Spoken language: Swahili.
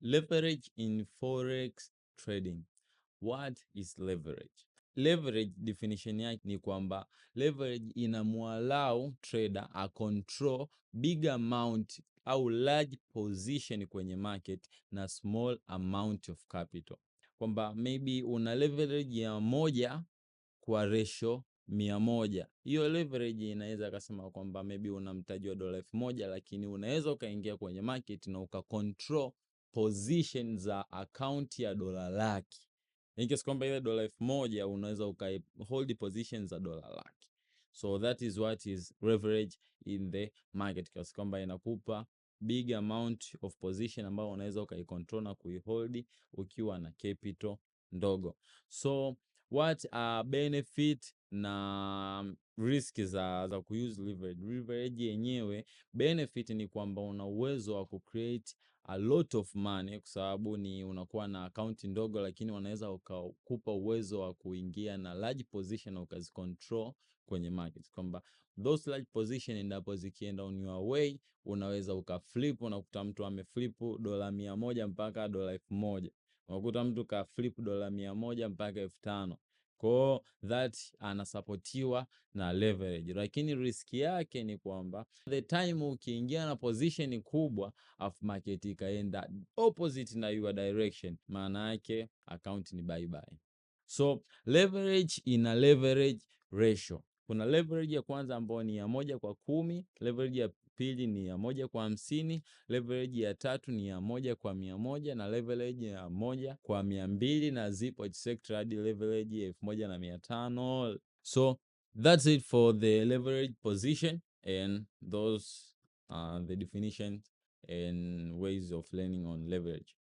Leverage in forex trading. What is leverage? Leverage definition yake ni kwamba leverage ina mwalau trader a control big amount au large position kwenye market na small amount of capital, kwamba maybe una leverage ya moja kwa ratio mia moja. Hiyo leverage inaweza akasema kwamba maybe una mtaji wa dola elfu moja lakini unaweza ukaingia kwenye market na ukakontrol position za akaunti ya dola laki. In yaani case kwamba ile dola elfu moja unaweza ukai hold position za dola laki. So that is what is leverage in the market, kasi kwamba inakupa big amount of position ambayo unaweza ukaicontrol na kuihold ukiwa na capital ndogo. So what are benefit na riski za, za kuuse leverage. Leverage yenyewe benefit ni kwamba una uwezo wa kucreate a lot of money kwa sababu ni unakuwa na akaunti ndogo, lakini wanaweza ukakupa uwezo wa kuingia na large position na ukazicontrol kwenye market, kwamba those large position endapo zikienda on your way unaweza ukaflip. Unakuta mtu ameflip dola mia moja mpaka dola elfu moja unakuta mtu kaflip dola mia moja mpaka elfu tano kwa hiyo that anasapotiwa na leverage, lakini riski yake ni kwamba the time ukiingia na position kubwa afu market ikaenda opposite na your direction, maana yake account ni bye bye. So leverage ina leverage ratio kuna leverage ya kwanza ambayo ni ya moja kwa kumi, leverage ya pili ni ya moja kwa hamsini, leverage ya tatu ni ya moja kwa mia moja na leverage ya moja kwa mia mbili na zipo etc hadi leverage ya elfu moja na mia tano. So that's it for the leverage position and those are the definitions and ways of learning on leverage.